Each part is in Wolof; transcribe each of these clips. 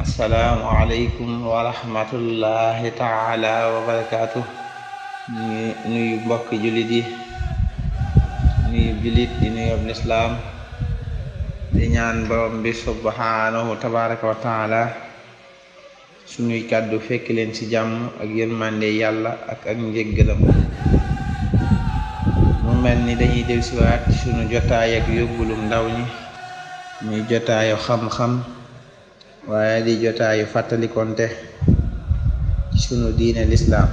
asalaamualeykum wa rahmatullahi taala wa barakaatu ñu mbokki jullit yi nuyu jullit di nuyoob lislaam di ñaan borom bi subhaanahu tabaraka wa taala suñuy kàddu fekk leen ci jàmm ak yërmande yàlla ak ak njëggalam mu mel ni dañuy dellusiwaat sunu jotaay ak yóbbulum ndaw ñi muy jotaayu xam-xam waaye di jotaayu fàttalikonte ci sunu diine lislaam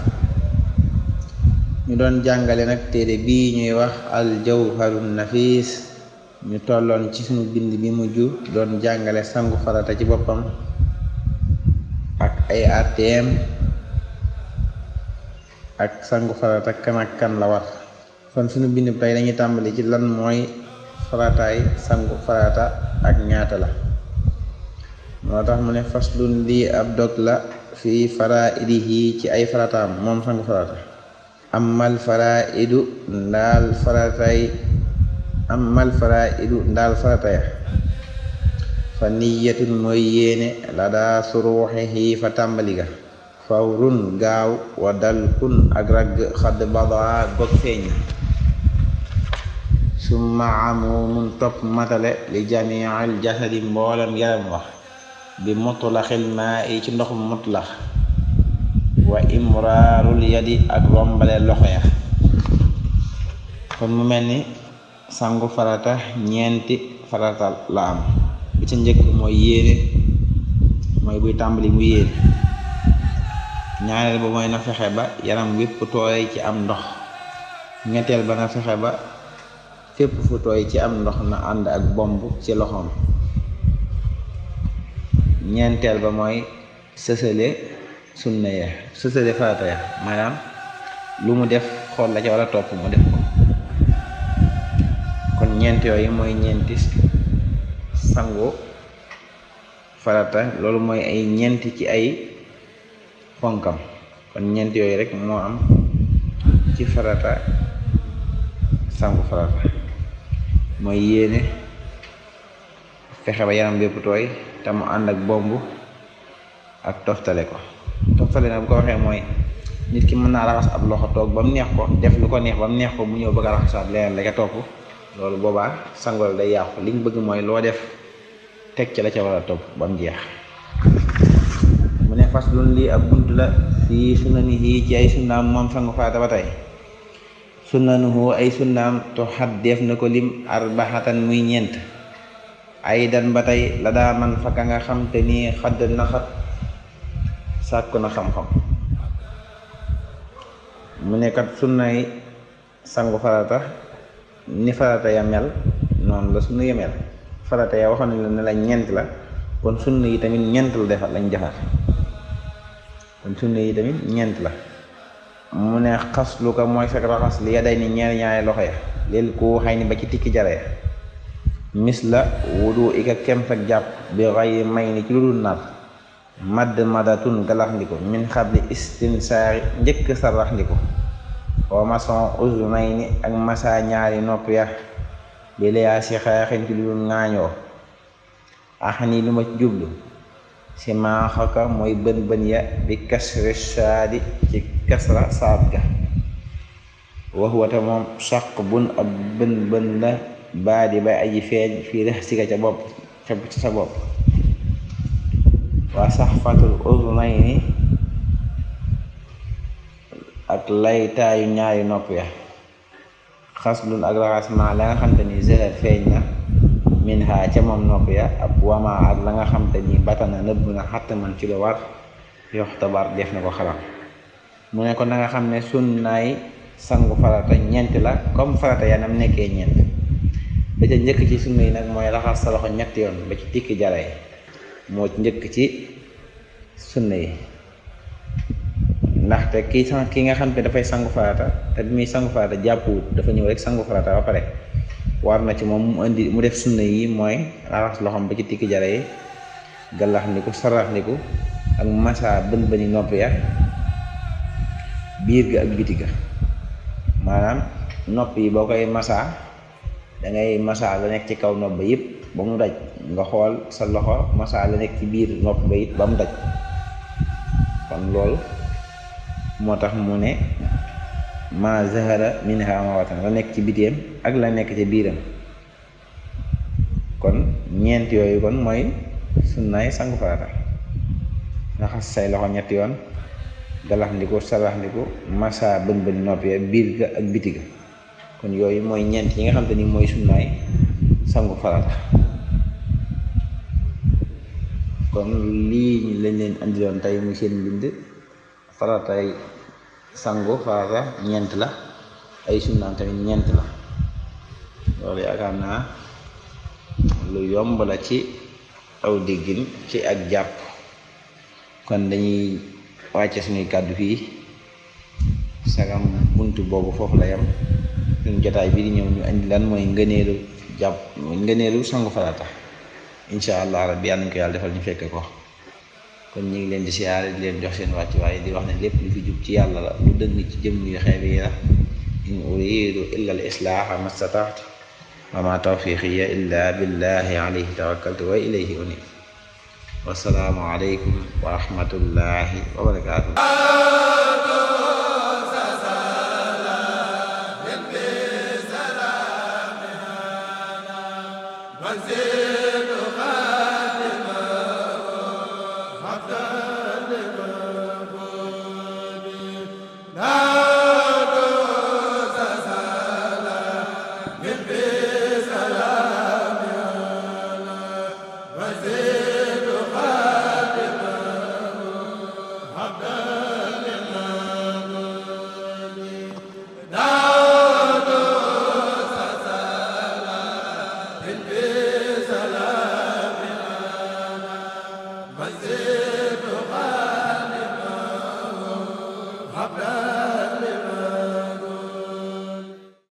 ñu doon jàngale nag téere bii ñuy wax al jawharun nafis ñu tolloon ci sunu bind bi mujj doon jàngale sangu farata ci boppam ak ay ak sangu farata kan ak kan la war kon sunu bind bi tey dañuy tàmbali ci lan mooy farataay sangu farata ak ñaata la moo tax mu ne faslun lii ab dog la fii faraidihi ci ay farataam moom sang farata amal faraidu ndaal faratay amal faraidu ndaal farataya fa niyatun mooy yéene la daa suruuxihi fa tàmbaliga fawrun gaaw wa dal kun xadd badaa gog feeñ summa amumun topp matale li jamiil jasadi mboolem yaram wax bi mutlaxil maa yi ci ndox mu mutlax wa imraarul yadi ak rombale loxo ya kon mu mel ni sangu farata ñeenti farata la am bi ca njëkk mooy yéene mooy buy tàmbali mu yéene ñaareel ba mooy na fexe ba yaram wépp tooy ci am ndox ñetteel ba na fexe ba fépp fu tooy ci am ndox na ànd ak bomb ci loxoom ñeenteel ba mooy sësale sunna ya sësale farata ya maanaam lu mu def xool la ca war topp mu def ko kon ñeent yooyu mooy ñeenti sangu farata loolu mooy ay ñeenti ci ay xonkam kon ñeent yooyu rek moo am ci farata sangu farata mooy yéene fexe ba yaram bépp tooy te mu ànd ak bomb ak toftale ko toftale nag bu ko waxee mooy nit ki mën naa raxas ab loxo toog ba mu neex ko def lu ko neex ba neex ko bu ñëw bëgg a raxasaat leneen la loolu boobaa sangool day yàqu liñ bëgg mooy loo def teg ci la ca war a topp ba jeex mu ne fas lun lii ab bunt la fii sunanihi ci ay sunnaam moom sangu faata ba tey sunnanuhu ay sunnaam to xat def na ko lim arbaxatan muy ñeent aydan ba tey la daa man fa ka nga xam te nii xadd na xat sàkku na xam-xam mu nekkat kat sunnay sangu farata ni farata ya mel noonu la sunna ya mel farata ya waxoon la ne la ñeent la kon sunna yi tamit ñeent la defar lañ defar kon sunna yi tamit ñeent la mu ne xas lu ko mooy fekk raxas li ya day ni ñeer ñaari loxo ya leel ku waxay ni ba ci tikki jare misla wudu ika kem sa jàpp bi xayri may ni ci lu dul nar madd madatun galax ndiko min xabli istinsaari njëkk sarax wa mason usu may ni ak masa ñaari nopp ya bi layaa si xaaxin ci lu dul ŋaañoo ax ni ma jublu si maaxaka mooy bën bën ya bi kasri saadi ci kasra saad ga waxwata moom saq bun ab bën bën la baa di bay aji feeñ fii rex siga ca bopp xeb waa sax fatul uzu nay ni ak laytaayu ñaari nopp ya xaslun ak raxas ma la nga xam te ni zerat feeñ na min ha ca nopp ya ab wama ak la nga xam te ni batana nëbb na xatt man ci lu war yoxtabar def na ko xalam mu ne ko na nga xam ne sunnaay sangu farata ñeent la comme farata yanam nekkee ñeent bi ca njëkk ci sunna yi nag mooy raxas sa loxo ñetti yoon ba ci tikki jara moo ci njëkk ci sunna yi ndaxte ki san ki nga xam ne dafay sangu farata te bi muy sangu farata jàppuwut dafa ñëw rek sangu farata ba pare war na ci moom mu indi mu def sunna yi mooy raxas loxoom ba ci tikki jara yi gallax ndiku sarax ndiku ak masa bën bëni nopp ya biir ga ak biti ga maanaam nopp yi boo koy masa da ngay la nekk ci kaw nopp ba yëpp ba mu daj nga xool sa loxo masaa la nekk ci biir nopp ba yëpp ba mu daj kon loolu moo tax mu ne ma zahara minha ma watan la nekk ci biteem ak la nekk ci biiram kon ñeent yooyu kon mooy sunnaay sangu farata xas say loxo ñetti yoon galaxndiku salaxndiku masa bën bën nopp ya biir ga ak biti ga kon yooyu mooy ñeent yi nga xam ne ni mooy sunnaay sangu farata kon lii ñu lañ leen andiloon tey muy seen mbind faratay sangu farata ñeent la ay sunnaan tamit ñeent la loolu yaakaar naa lu yomb la ci aw déggin ci ak jàpp kon dañuy wàcce suñuy kàddu fii sagam bunt boobu foofu la yam ñun jotaay bi di ñëw ñu indi lan mooy ngëneelu jàpp mooy ngëneelu sangu farata incha allah bi yàlla nañ ko yàlla defal ñu fekke ko kon ñu ngi leen di siyaare leen jox seen wàccuwaay di wax ne lépp lu fi jub ci yàlla la lu dëng ci jëm yu xeeb la in uridu illa al islaaha mastataat wa ma tawfiqiya billahi alayhi tawakkaltu wa ilayhi unib wasalaamu aleykum wa wa barakatuh Aziz